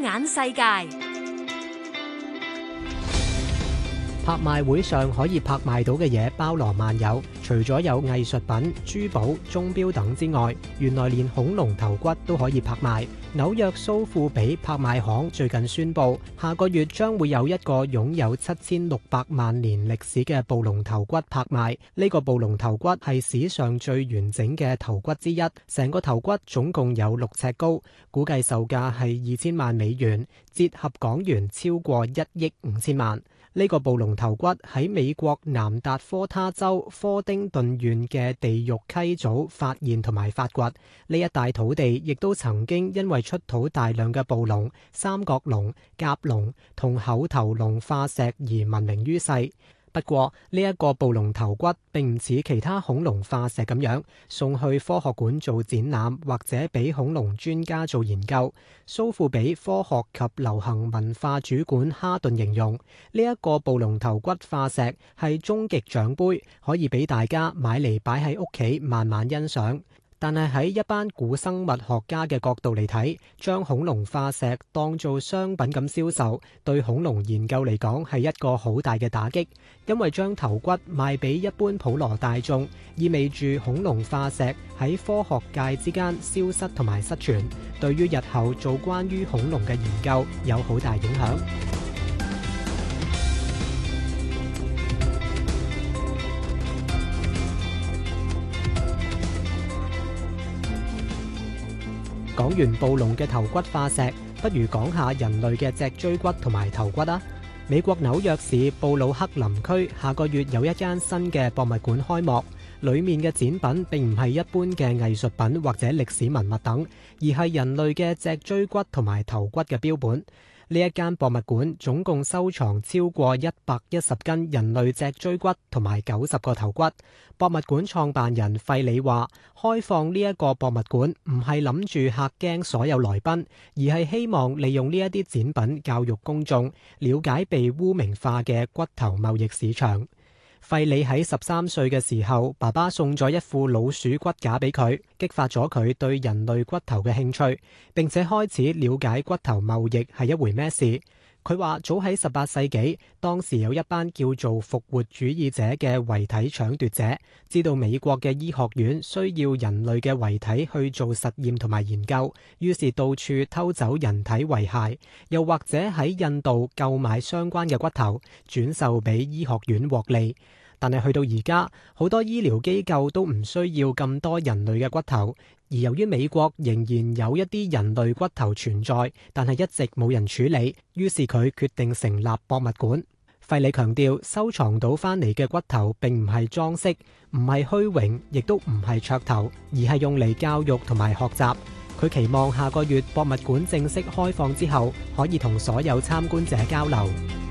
眼世界拍賣會上可以拍賣到嘅嘢包羅萬有，除咗有藝術品、珠寶、鐘表等之外，原來連恐龍頭骨都可以拍賣。紐約蘇富比拍賣行最近宣布，下個月將會有一個擁有七千六百萬年歷史嘅暴龍頭骨拍賣。呢個暴龍頭骨係史上最完整嘅頭骨之一，成個頭骨總共有六尺高，估計售價係二千萬美元，折合港元超過一億五千萬。呢個暴龍頭骨喺美國南達科他州科丁頓縣嘅地獄溪組發現同埋發掘。呢一帶土地亦都曾經因為出土大量嘅暴龍、三角龍、甲龍同厚頭龍化石而聞名於世。不過呢一個暴龍頭骨並唔似其他恐龍化石咁樣送去科學館做展覽或者俾恐龍專家做研究。蘇富比科學及流行文化主管哈頓形容呢一個暴龍頭骨化石係終極獎杯，可以俾大家買嚟擺喺屋企慢慢欣賞。但係喺一班古生物學家嘅角度嚟睇，將恐龍化石當做商品咁銷售，對恐龍研究嚟講，係一個好大嘅打擊，因為將頭骨賣俾一般普羅大眾，意味住恐龍化石喺科學界之間消失同埋失傳，對於日後做關於恐龍嘅研究有好大影響。講完暴龍嘅頭骨化石，不如講下人類嘅脊椎骨同埋頭骨啊！美國紐約市布魯克林區下個月有一間新嘅博物館開幕，裏面嘅展品並唔係一般嘅藝術品或者歷史文物等，而係人類嘅脊椎骨同埋頭骨嘅標本。呢一間博物館總共收藏超過一百一十根人類脊椎骨同埋九十個頭骨。博物館創辦人費里話：開放呢一個博物館唔係諗住嚇驚所有來賓，而係希望利用呢一啲展品教育公眾，了解被污名化嘅骨頭貿易市場。費里喺十三歲嘅時候，爸爸送咗一副老鼠骨架俾佢，激發咗佢對人類骨頭嘅興趣，並且開始了解骨頭貿易係一回咩事。佢話：早喺十八世紀，當時有一班叫做復活主義者嘅遺體搶奪者，知道美國嘅醫學院需要人類嘅遺體去做實驗同埋研究，於是到處偷走人體遺骸，又或者喺印度購買相關嘅骨頭，轉售俾醫學院獲利。但係去到而家，好多醫療機構都唔需要咁多人類嘅骨頭。而由於美國仍然有一啲人類骨頭存在，但係一直冇人處理，於是佢決定成立博物館。費里強調，收藏到返嚟嘅骨頭並唔係裝飾，唔係虛榮，亦都唔係噱頭，而係用嚟教育同埋學習。佢期望下個月博物館正式開放之後，可以同所有參觀者交流。